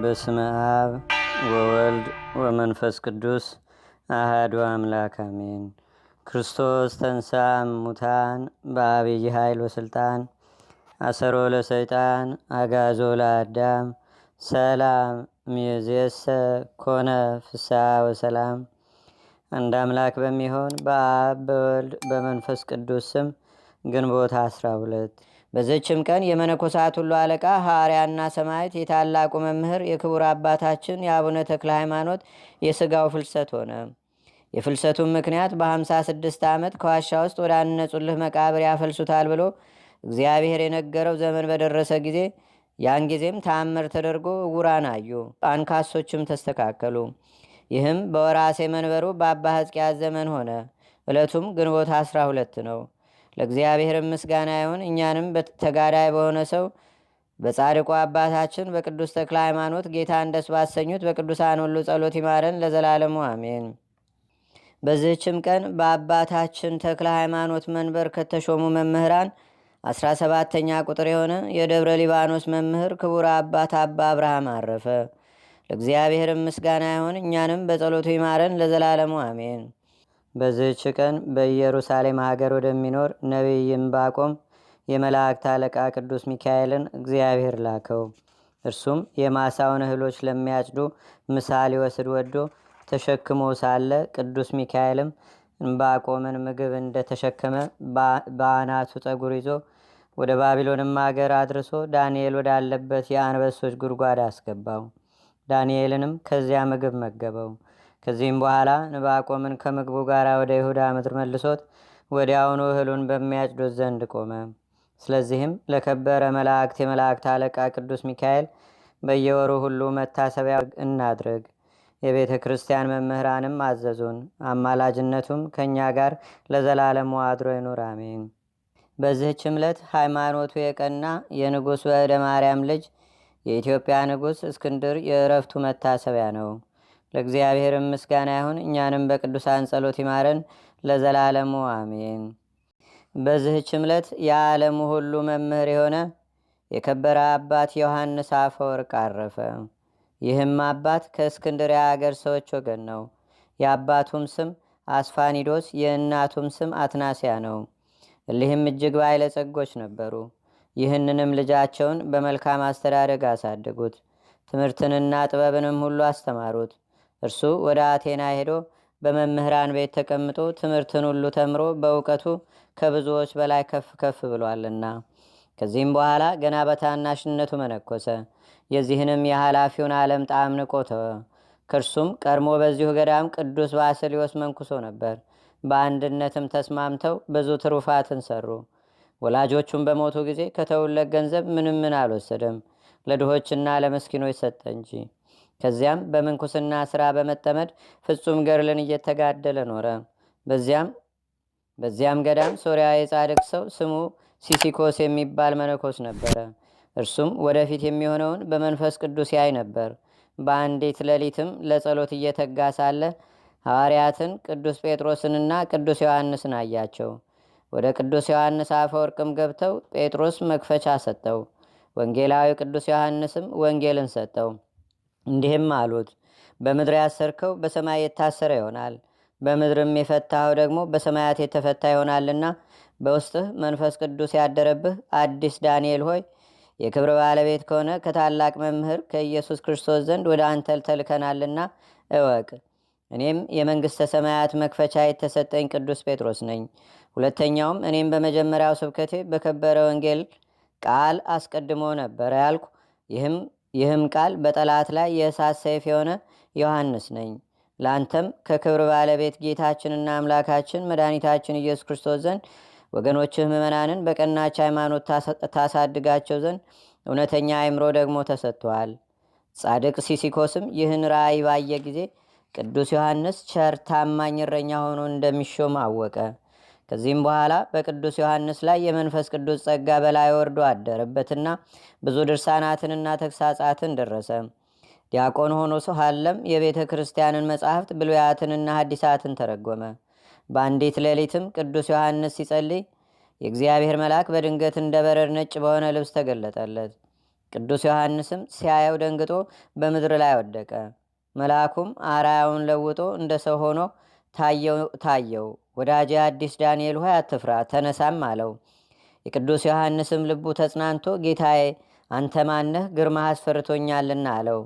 በስመ አብ ወወልድ ወመንፈስ ቅዱስ አህዱ አምላክ አሜን። ክርስቶስ ተንሳ ሙታን በአብይ ኃይል ወስልጣን አሰሮ ለሰይጣን አጋዞ ለአዳም ሰላም ሚዝየሰ ኮነ ፍስሐ ወሰላም። አንድ አምላክ በሚሆን በአብ በወልድ በመንፈስ ቅዱስ ስም ግንቦት 12 በዘችም ቀን የመነኮሳት ሁሉ አለቃ ሐዋርያና ሰማይት የታላቁ መምህር የክቡር አባታችን የአቡነ ተክለ ሃይማኖት የሥጋው ፍልሰት ሆነ። የፍልሰቱም ምክንያት በ56 ዓመት ከዋሻ ውስጥ ወደ አነጹልህ መቃብር ያፈልሱታል ብሎ እግዚአብሔር የነገረው ዘመን በደረሰ ጊዜ ያን ጊዜም ተአምር ተደርጎ እውራን አዩ፣ አንካሶችም ተስተካከሉ። ይህም በወራሴ መንበሩ በአባ ሕዝቅያስ ዘመን ሆነ። ዕለቱም ግንቦት 12 ነው። ለእግዚአብሔር ምስጋና ይሁን። እኛንም ተጋዳይ በሆነ ሰው በጻድቁ አባታችን በቅዱስ ተክለ ሃይማኖት ጌታ እንደስ ባሰኙት በቅዱሳን ሁሉ ጸሎት ይማረን ለዘላለሙ አሜን። በዚህችም ቀን በአባታችን ተክለ ሃይማኖት መንበር ከተሾሙ መምህራን አስራ ሰባተኛ ቁጥር የሆነ የደብረ ሊባኖስ መምህር ክቡር አባት አባ አብርሃም አረፈ። ለእግዚአብሔር ምስጋና ይሁን። እኛንም በጸሎቱ ይማረን ለዘላለሙ አሜን። በዚህች ቀን በኢየሩሳሌም ሀገር ወደሚኖር ነቢይ ዕንባቆም የመላእክት አለቃ ቅዱስ ሚካኤልን እግዚአብሔር ላከው። እርሱም የማሳውን እህሎች ለሚያጭዱ ምሳ ሊወስድ ወዶ ተሸክሞ ሳለ ቅዱስ ሚካኤልም ባቆምን ምግብ እንደተሸከመ በአናቱ ጠጉር ይዞ ወደ ባቢሎንም አገር አድርሶ ዳንኤል ወዳለበት የአንበሶች ጉድጓድ አስገባው። ዳንኤልንም ከዚያ ምግብ መገበው። ከዚህም በኋላ ንባቆምን ከምግቡ ጋር ወደ ይሁዳ ምድር መልሶት ወዲያውኑ እህሉን በሚያጭዱት ዘንድ ቆመ። ስለዚህም ለከበረ መላእክት የመላእክት አለቃ ቅዱስ ሚካኤል በየወሩ ሁሉ መታሰቢያ እናድርግ። የቤተ ክርስቲያን መምህራንም አዘዙን። አማላጅነቱም ከእኛ ጋር ለዘላለሙ አድሮ ይኑር፣ አሜን። በዚህ ችምለት ሃይማኖቱ የቀና የንጉሥ በእደ ማርያም ልጅ የኢትዮጵያ ንጉሥ እስክንድር የእረፍቱ መታሰቢያ ነው። ለእግዚአብሔርም ምስጋና ይሁን። እኛንም በቅዱሳን ጸሎት ይማረን ለዘላለሙ አሜን። በዚህች ዕለት የዓለሙ ሁሉ መምህር የሆነ የከበረ አባት ዮሐንስ አፈወርቅ አረፈ። ይህም አባት ከእስክንድርያ አገር ሰዎች ወገን ነው። የአባቱም ስም አስፋኒዶስ፣ የእናቱም ስም አትናሲያ ነው። እሊህም እጅግ ጸጎች ነበሩ። ይህንንም ልጃቸውን በመልካም አስተዳደግ አሳደጉት። ትምህርትንና ጥበብንም ሁሉ አስተማሩት። እርሱ ወደ አቴና ሄዶ በመምህራን ቤት ተቀምጦ ትምህርትን ሁሉ ተምሮ በእውቀቱ ከብዙዎች በላይ ከፍ ከፍ ብሏልና ከዚህም በኋላ ገና በታናሽነቱ መነኮሰ። የዚህንም የኃላፊውን ዓለም ጣም ንቆተ ከእርሱም ቀድሞ በዚሁ ገዳም ቅዱስ ባስልዮስ መንኩሶ ነበር። በአንድነትም ተስማምተው ብዙ ትሩፋትን ሰሩ። ወላጆቹም በሞቱ ጊዜ ከተውለት ገንዘብ ምንም ምን አልወሰደም፣ ለድሆችና ለመስኪኖች ሰጠ እንጂ። ከዚያም በምንኩስና ስራ በመጠመድ ፍጹም ገርልን እየተጋደለ ኖረ። በዚያም በዚያም ገዳም ሶሪያ የጻድቅ ሰው ስሙ ሲሲኮስ የሚባል መነኮስ ነበረ። እርሱም ወደፊት የሚሆነውን በመንፈስ ቅዱስ ያይ ነበር። በአንዲት ሌሊትም ለጸሎት እየተጋ ሳለ ሐዋርያትን ቅዱስ ጴጥሮስንና ቅዱስ ዮሐንስን አያቸው። ወደ ቅዱስ ዮሐንስ አፈወርቅም ገብተው ጴጥሮስ መክፈቻ ሰጠው። ወንጌላዊ ቅዱስ ዮሐንስም ወንጌልን ሰጠው። እንዲህም አሉት በምድር ያሰርከው በሰማይ የታሰረ ይሆናል በምድርም የፈታኸው ደግሞ በሰማያት የተፈታ ይሆናልና በውስጥህ መንፈስ ቅዱስ ያደረብህ አዲስ ዳንኤል ሆይ የክብር ባለቤት ከሆነ ከታላቅ መምህር ከኢየሱስ ክርስቶስ ዘንድ ወደ አንተ ተልከናልና እወቅ እኔም የመንግሥተ ሰማያት መክፈቻ የተሰጠኝ ቅዱስ ጴጥሮስ ነኝ ሁለተኛውም እኔም በመጀመሪያው ስብከቴ በከበረ ወንጌል ቃል አስቀድሞ ነበረ ያልኩ ይህም ይህም ቃል በጠላት ላይ የእሳት ሰይፍ የሆነ ዮሐንስ ነኝ። ለአንተም ከክብር ባለቤት ጌታችንና አምላካችን መድኃኒታችን ኢየሱስ ክርስቶስ ዘንድ ወገኖችህ ምእመናንን በቀናች ሃይማኖት ታሳድጋቸው ዘንድ እውነተኛ አእምሮ ደግሞ ተሰጥቷል። ጻድቅ ሲሲኮስም ይህን ራእይ ባየ ጊዜ ቅዱስ ዮሐንስ ቸር ታማኝ እረኛ ሆኖ እንደሚሾም አወቀ። ከዚህም በኋላ በቅዱስ ዮሐንስ ላይ የመንፈስ ቅዱስ ጸጋ በላይ ወርዶ አደረበትና ብዙ ድርሳናትንና ተግሳጻትን ደረሰ። ዲያቆን ሆኖ ሳለም የቤተ ክርስቲያንን መጻሕፍት ብሉያትንና ሐዲሳትን ተረጎመ። በአንዲት ሌሊትም ቅዱስ ዮሐንስ ሲጸልይ የእግዚአብሔር መልአክ በድንገት እንደ በረድ ነጭ በሆነ ልብስ ተገለጠለት። ቅዱስ ዮሐንስም ሲያየው ደንግጦ በምድር ላይ ወደቀ። መልአኩም አራያውን ለውጦ እንደ ሰው ሆኖ ታየው ወዳጅ አዲስ ዳንኤል ሆይ አትፍራ፣ ተነሳም አለው። የቅዱስ ዮሐንስም ልቡ ተጽናንቶ ጌታዬ አንተ ማነህ? ግርማህ አስፈርቶኛልና አለው።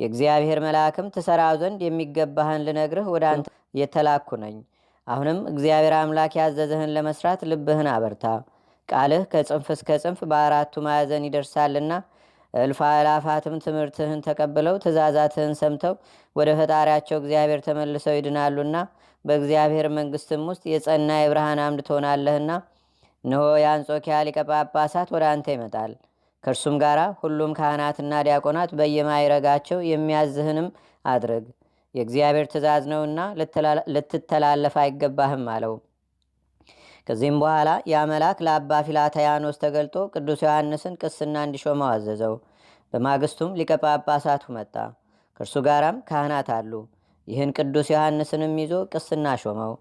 የእግዚአብሔር መልአክም ትሰራ ዘንድ የሚገባህን ልነግርህ ወደ አንተ የተላኩ ነኝ። አሁንም እግዚአብሔር አምላክ ያዘዘህን ለመስራት ልብህን አበርታ። ቃልህ ከጽንፍ እስከ ጽንፍ በአራቱ ማዕዘን ይደርሳልና እልፋ ላፋትም ትምህርትህን ተቀብለው ትእዛዛትህን ሰምተው ወደ ፈጣሪያቸው እግዚአብሔር ተመልሰው ይድናሉና በእግዚአብሔር መንግስትም ውስጥ የጸና የብርሃን አምድ ትሆናለህና እነሆ የአንጾኪያ ሊቀ ጳጳሳት ወደ አንተ ይመጣል ከእርሱም ጋር ሁሉም ካህናትና ዲያቆናት በየማይረጋቸው የሚያዝህንም አድርግ የእግዚአብሔር ትእዛዝ ነውና ልትተላለፍ አይገባህም አለውም ከዚህም በኋላ ያ መልአክ ለአባ ፊላታያኖስ ተገልጦ ቅዱስ ዮሐንስን ቅስና እንዲሾመው አዘዘው። በማግስቱም ሊቀ ጳጳሳቱ መጣ። ከእርሱ ጋራም ካህናት አሉ። ይህን ቅዱስ ዮሐንስንም ይዞ ቅስና ሾመው።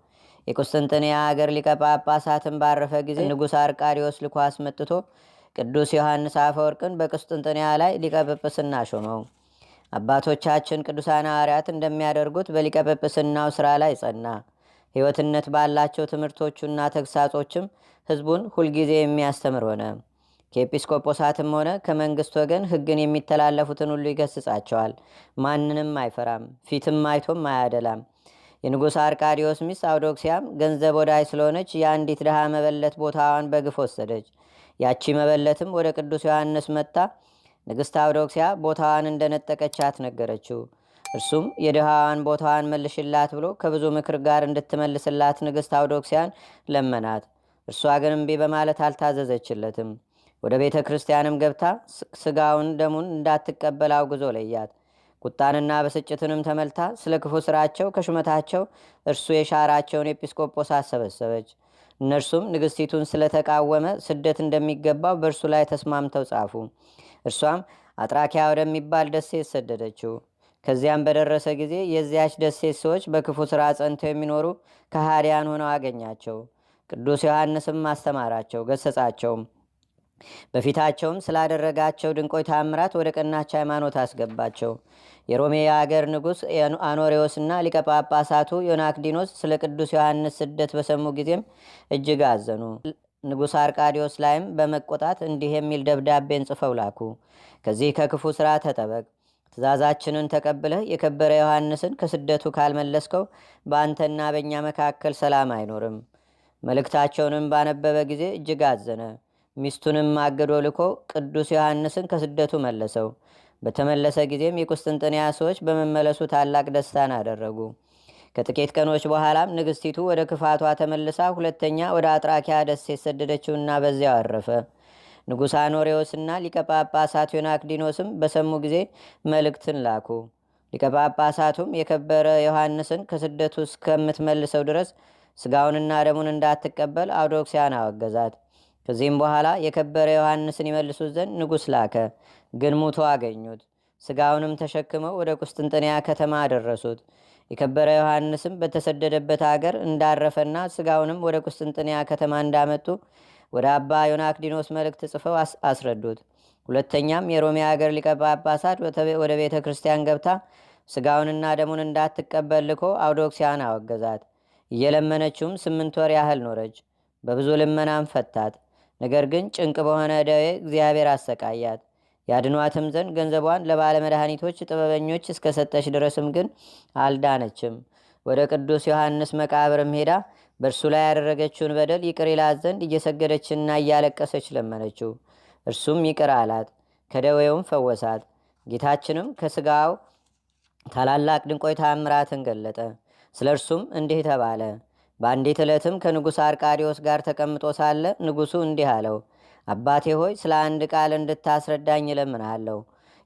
የቁስጥንጥንያ አገር ሊቀ ጳጳሳትን ባረፈ ጊዜ ንጉሥ አርቃዲዎስ ልኮ አስመጥቶ ቅዱስ ዮሐንስ አፈወርቅን በቁስጥንጥንያ ላይ ሊቀ ጵጵስና ሾመው። አባቶቻችን ቅዱሳን ሐዋርያት እንደሚያደርጉት በሊቀ ጵጵስናው ሥራ ላይ ጸና። ሕይወትነት ባላቸው ትምህርቶቹና ተግሳጾችም ህዝቡን ሁልጊዜ የሚያስተምር ሆነ። ከኤጲስቆጶሳትም ሆነ ከመንግስት ወገን ህግን የሚተላለፉትን ሁሉ ይገስጻቸዋል። ማንንም አይፈራም፣ ፊትም አይቶም አያደላም። የንጉሥ አርቃዲዮስ ሚስት አውዶክሲያም ገንዘብ ወዳይ ስለሆነች የአንዲት ድሃ መበለት ቦታዋን በግፍ ወሰደች። ያቺ መበለትም ወደ ቅዱስ ዮሐንስ መጣ። ንግሥት አውዶክሲያ ቦታዋን እንደነጠቀቻት ነገረችው። እርሱም የድሃዋን ቦታዋን መልሽላት ብሎ ከብዙ ምክር ጋር እንድትመልስላት ንግሥት አውዶክሲያን ለመናት። እርሷ ግን እምቢ በማለት አልታዘዘችለትም። ወደ ቤተ ክርስቲያንም ገብታ ስጋውን ደሙን እንዳትቀበል አውግዞ ለያት። ቁጣንና ብስጭትንም ተመልታ ስለ ክፉ ስራቸው ከሹመታቸው እርሱ የሻራቸውን ኤጲስቆጶስ አሰበሰበች። እነርሱም ንግሥቲቱን ስለተቃወመ ስደት እንደሚገባው በእርሱ ላይ ተስማምተው ጻፉ። እርሷም አጥራኪያ ወደሚባል ደሴ ሰደደችው። ከዚያም በደረሰ ጊዜ የዚያች ደሴት ሰዎች በክፉ ሥራ ጸንተው የሚኖሩ ከሃዲያን ሆነው አገኛቸው። ቅዱስ ዮሐንስም አስተማራቸው፣ ገሰጻቸውም። በፊታቸውም ስላደረጋቸው ድንቆይ ታምራት ወደ ቀናች ሃይማኖት አስገባቸው። የሮሜ የአገር ንጉሥ አኖሬዎስና ሊቀ ጳጳሳቱ ዮናክዲኖስ ስለ ቅዱስ ዮሐንስ ስደት በሰሙ ጊዜም እጅግ አዘኑ። ንጉሥ አርቃዲዮስ ላይም በመቆጣት እንዲህ የሚል ደብዳቤን ጽፈው ላኩ። ከዚህ ከክፉ ሥራ ተጠበቅ ትእዛዛችንን ተቀብለህ የከበረ ዮሐንስን ከስደቱ ካልመለስከው በአንተና በእኛ መካከል ሰላም አይኖርም። መልእክታቸውንም ባነበበ ጊዜ እጅግ አዘነ። ሚስቱንም አገዶ ልኮ ቅዱስ ዮሐንስን ከስደቱ መለሰው። በተመለሰ ጊዜም የቁስጥንጥንያ ሰዎች በመመለሱ ታላቅ ደስታን አደረጉ። ከጥቂት ቀኖች በኋላም ንግሥቲቱ ወደ ክፋቷ ተመልሳ ሁለተኛ ወደ አጥራኪያ ደስ የሰደደችውና በዚያው አረፈ። ንጉሥ አኖሬዎስና ሊቀ ጳጳሳት ዮናክዲኖስም በሰሙ ጊዜ መልእክትን ላኩ። ሊቀ ጳጳሳቱም የከበረ ዮሐንስን ከስደቱ እስከምትመልሰው ድረስ ስጋውንና ደሙን እንዳትቀበል አውዶክሲያን አወገዛት። ከዚህም በኋላ የከበረ ዮሐንስን ይመልሱት ዘንድ ንጉሥ ላከ። ግን ሙቶ አገኙት። ስጋውንም ተሸክመው ወደ ቁስጥንጥንያ ከተማ አደረሱት። የከበረ ዮሐንስም በተሰደደበት አገር እንዳረፈና ስጋውንም ወደ ቁስጥንጥንያ ከተማ እንዳመጡ ወደ አባ ዮናክዲኖስ መልእክት ጽፈው አስረዱት። ሁለተኛም የሮሜ አገር ሊቀ ጳጳሳት ወደ ቤተ ክርስቲያን ገብታ ስጋውንና ደሙን እንዳትቀበል ልኮ አውዶክሲያን አወገዛት። እየለመነችውም ስምንት ወር ያህል ኖረች። በብዙ ልመናም ፈታት። ነገር ግን ጭንቅ በሆነ ደዌ እግዚአብሔር አሰቃያት። ያድኗትም ዘንድ ገንዘቧን ለባለመድኃኒቶች ጥበበኞች እስከሰጠች ድረስም ግን አልዳነችም። ወደ ቅዱስ ዮሐንስ መቃብርም ሄዳ በእርሱ ላይ ያደረገችውን በደል ይቅር ይላት ዘንድ እየሰገደችና እያለቀሰች ለመነችው። እርሱም ይቅር አላት፣ ከደዌውም ፈወሳት። ጌታችንም ከስጋው ታላላቅ ድንቆይ ታምራትን ገለጠ። ስለ እርሱም እንዲህ ተባለ። በአንዲት ዕለትም ከንጉሥ አርቃዲዎስ ጋር ተቀምጦ ሳለ ንጉሡ እንዲህ አለው፣ አባቴ ሆይ ስለ አንድ ቃል እንድታስረዳኝ እለምንሃለሁ።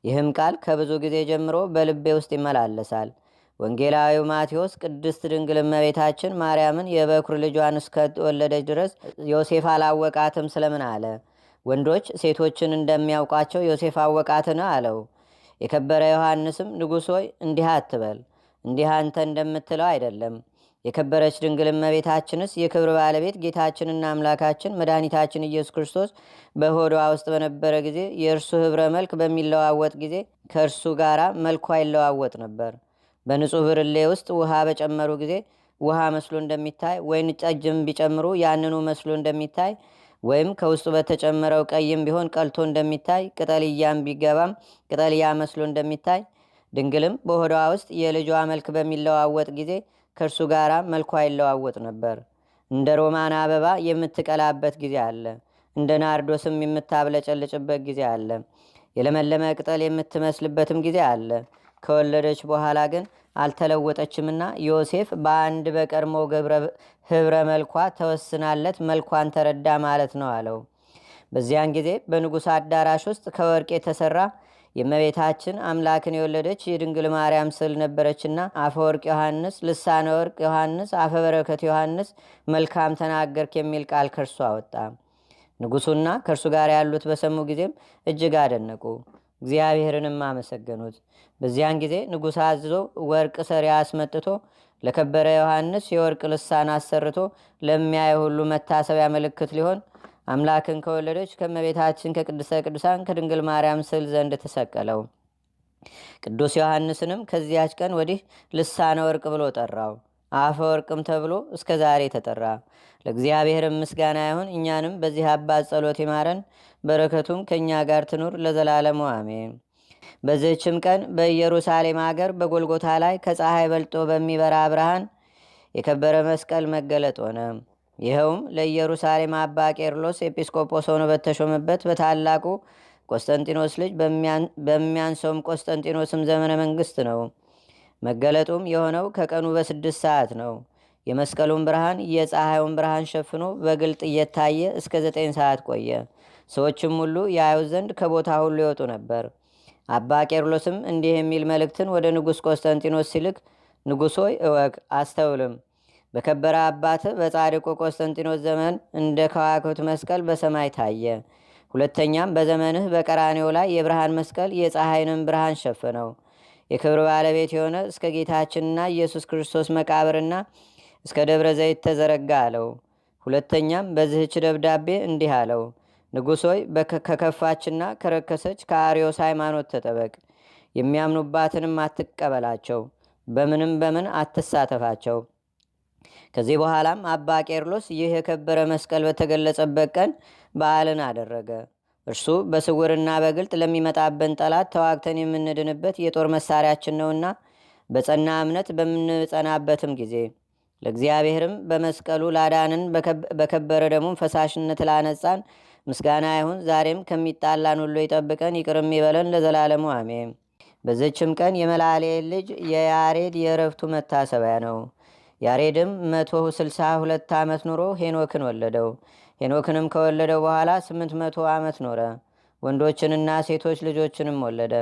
ይህም ቃል ከብዙ ጊዜ ጀምሮ በልቤ ውስጥ ይመላለሳል። ወንጌላዊው ማቴዎስ ቅድስት ድንግል እመቤታችን ማርያምን የበኩር ልጇን እስከወለደች ድረስ ዮሴፍ አላወቃትም ስለምን አለ? ወንዶች ሴቶችን እንደሚያውቋቸው ዮሴፍ አወቃት ነው አለው። የከበረ ዮሐንስም ንጉሥ ሆይ እንዲህ አትበል፣ እንዲህ አንተ እንደምትለው አይደለም። የከበረች ድንግል እመቤታችንስ የክብር ባለቤት ጌታችንና አምላካችን መድኃኒታችን ኢየሱስ ክርስቶስ በሆዷ ውስጥ በነበረ ጊዜ የእርሱ ኅብረ መልክ በሚለዋወጥ ጊዜ ከእርሱ ጋራ መልኳ ይለዋወጥ ነበር። በንጹህ ብርሌ ውስጥ ውሃ በጨመሩ ጊዜ ውሃ መስሎ እንደሚታይ ወይን ጠጅም ቢጨምሩ ያንኑ መስሎ እንደሚታይ ወይም ከውስጡ በተጨመረው ቀይም ቢሆን ቀልቶ እንደሚታይ ቅጠልያም ቢገባም ቅጠልያ መስሎ እንደሚታይ ድንግልም በሆዷ ውስጥ የልጇ መልክ በሚለዋወጥ ጊዜ ከእርሱ ጋር መልኳ ይለዋወጥ ነበር እንደ ሮማን አበባ የምትቀላበት ጊዜ አለ እንደ ናርዶስም የምታብለጨልጭበት ጊዜ አለ የለመለመ ቅጠል የምትመስልበትም ጊዜ አለ ከወለደች በኋላ ግን አልተለወጠችምና ዮሴፍ በአንድ በቀድሞ ህብረ መልኳ ተወስናለት መልኳን ተረዳ ማለት ነው አለው በዚያን ጊዜ በንጉሥ አዳራሽ ውስጥ ከወርቅ የተሰራ የእመቤታችን አምላክን የወለደች የድንግል ማርያም ስል ነበረችና አፈ ወርቅ ዮሐንስ ልሳነ ወርቅ ዮሐንስ አፈ በረከት ዮሐንስ መልካም ተናገርክ የሚል ቃል ከእርሱ አወጣ ንጉሱና ከእርሱ ጋር ያሉት በሰሙ ጊዜም እጅግ አደነቁ እግዚአብሔርንም አመሰገኑት። በዚያን ጊዜ ንጉሥ አዝዞ ወርቅ ሰሪ አስመጥቶ ለከበረ ዮሐንስ የወርቅ ልሳን አሰርቶ ለሚያየ ሁሉ መታሰቢያ ምልክት ሊሆን አምላክን ከወለደች ከመቤታችን ከቅድስተ ቅዱሳን ከድንግል ማርያም ስል ዘንድ ተሰቀለው። ቅዱስ ዮሐንስንም ከዚያች ቀን ወዲህ ልሳነ ወርቅ ብሎ ጠራው። አፈወርቅም ተብሎ እስከ ዛሬ ተጠራ። ለእግዚአብሔር ምስጋና ይሁን። እኛንም በዚህ አባት ጸሎት ይማረን፣ በረከቱም ከእኛ ጋር ትኑር ለዘላለሙ አሜን። በዘችም ቀን በኢየሩሳሌም አገር በጎልጎታ ላይ ከፀሐይ በልጦ በሚበራ ብርሃን የከበረ መስቀል መገለጥ ሆነ። ይኸውም ለኢየሩሳሌም አባ ቄርሎስ ኤጲስቆጶስ ሆኖ በተሾመበት በታላቁ ቆስጠንጢኖስ ልጅ በሚያንሰውም ቆስጠንጢኖስም ዘመነ መንግስት ነው። መገለጡም የሆነው ከቀኑ በስድስት ሰዓት ነው። የመስቀሉን ብርሃን የፀሐዩን ብርሃን ሸፍኖ በግልጥ እየታየ እስከ ዘጠኝ ሰዓት ቆየ። ሰዎችም ሁሉ ያዩት ዘንድ ከቦታ ሁሉ ይወጡ ነበር። አባ ቄርሎስም እንዲህ የሚል መልእክትን ወደ ንጉሥ ቆስጠንጢኖስ ሲልክ ንጉሶ እወቅ፣ አስተውልም። በከበረ አባት በጻድቁ ቆስጠንጢኖስ ዘመን እንደ ከዋክብት መስቀል በሰማይ ታየ። ሁለተኛም በዘመንህ በቀራኔው ላይ የብርሃን መስቀል የፀሐይንም ብርሃን ሸፈነው። የክብር ባለቤት የሆነ እስከ ጌታችንና ኢየሱስ ክርስቶስ መቃብርና እስከ ደብረ ዘይት ተዘረጋ አለው። ሁለተኛም በዚህች ደብዳቤ እንዲህ አለው፣ ንጉሥ ሆይ ከከፋችና ከረከሰች ከአርዮስ ሃይማኖት ተጠበቅ። የሚያምኑባትንም አትቀበላቸው፣ በምንም በምን አትሳተፋቸው። ከዚህ በኋላም አባ ቄርሎስ ይህ የከበረ መስቀል በተገለጸበት ቀን በዓልን አደረገ። እርሱ በስውርና በግልጥ ለሚመጣብን ጠላት ተዋግተን የምንድንበት የጦር መሳሪያችን ነውና በጸና እምነት በምንጸናበትም ጊዜ ለእግዚአብሔርም በመስቀሉ ላዳንን በከበረ ደሙም ፈሳሽነት ላነጻን ምስጋና ይሁን። ዛሬም ከሚጣላን ሁሉ ይጠብቀን ይቅርም ይበለን ለዘላለሙ አሜ በዘችም ቀን የመላሌ ልጅ የያሬድ የእረፍቱ መታሰቢያ ነው። ያሬድም ሁለት ዓመት ኑሮ ሄኖክን ወለደው። ሄኖክንም ከወለደ በኋላ ስምንት መቶ ዓመት ኖረ። ወንዶችንና ሴቶች ልጆችንም ወለደ።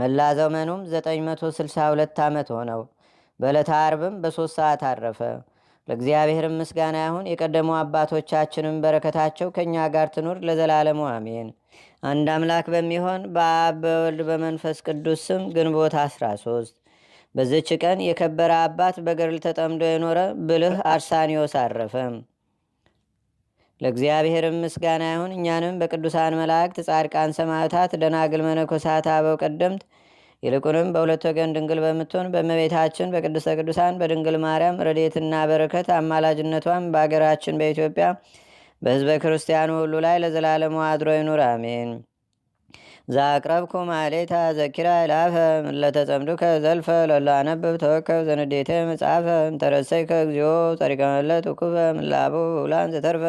መላ ዘመኑም 962 ዓመት ሆነው። በዕለተ አርብም በሦስት ሰዓት አረፈ። ለእግዚአብሔርም ምስጋና ይሁን። የቀደሙ አባቶቻችንም በረከታቸው ከእኛ ጋር ትኑር ለዘላለሙ አሜን። አንድ አምላክ በሚሆን በአብ በወልድ በመንፈስ ቅዱስ ስም ግንቦት 13 በዝች ቀን የከበረ አባት በገርል ተጠምዶ የኖረ ብልህ አርሳኒዮስ አረፈ። ለእግዚአብሔርም ምስጋና ይሁን። እኛንም በቅዱሳን መላእክት፣ ጻድቃን፣ ሰማዕታት፣ ደናግል፣ መነኮሳት፣ አበው ቀደምት ይልቁንም በሁለት ወገን ድንግል በምትሆን በእመቤታችን በቅድስተ ቅዱሳን በድንግል ማርያም ረድኤትና በረከት አማላጅነቷም በአገራችን በኢትዮጵያ በሕዝበ ክርስቲያኑ ሁሉ ላይ ለዘላለሙ አድሮ ይኑር፣ አሜን። ዛቅረብኩ ማሌታ ዘኪራ ይላፈ ለተጸምዱከ ዘልፈ ለላነብብ ተወከብ ዘንዴተ መጽሐፈ እንተረሰይከ እግዚኦ ጸሪቀመለት ውኩበ ምላቡ ውላን ዘተርፈ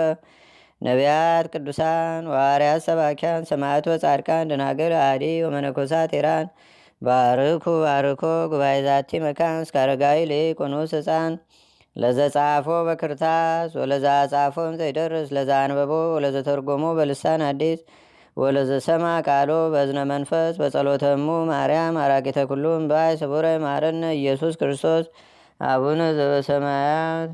ነቢያት ቅዱሳን ዋርያት ሰባኪያን ሰማያት ወጻድቃን ደናግል አዲ ወመነኮሳት ቴራን ባርኩ ባርኮ ጉባኤ ዛቲ መካን እስከ አረጋዊ ልቅ ወንዑስ ሕፃን በክርታስ ወለዛ ጻፎም ዘይደርስ ለዛ አንበቦ ወለዘተርጎሞ በልሳን አዲስ ወለዘሰማ ቃሎ በዝነ መንፈስ በጸሎተሙ ማርያም አራቂተ ኩሉም ባይ ስቡረ ማረነ ኢየሱስ ክርስቶስ አቡነ ዘበሰማያት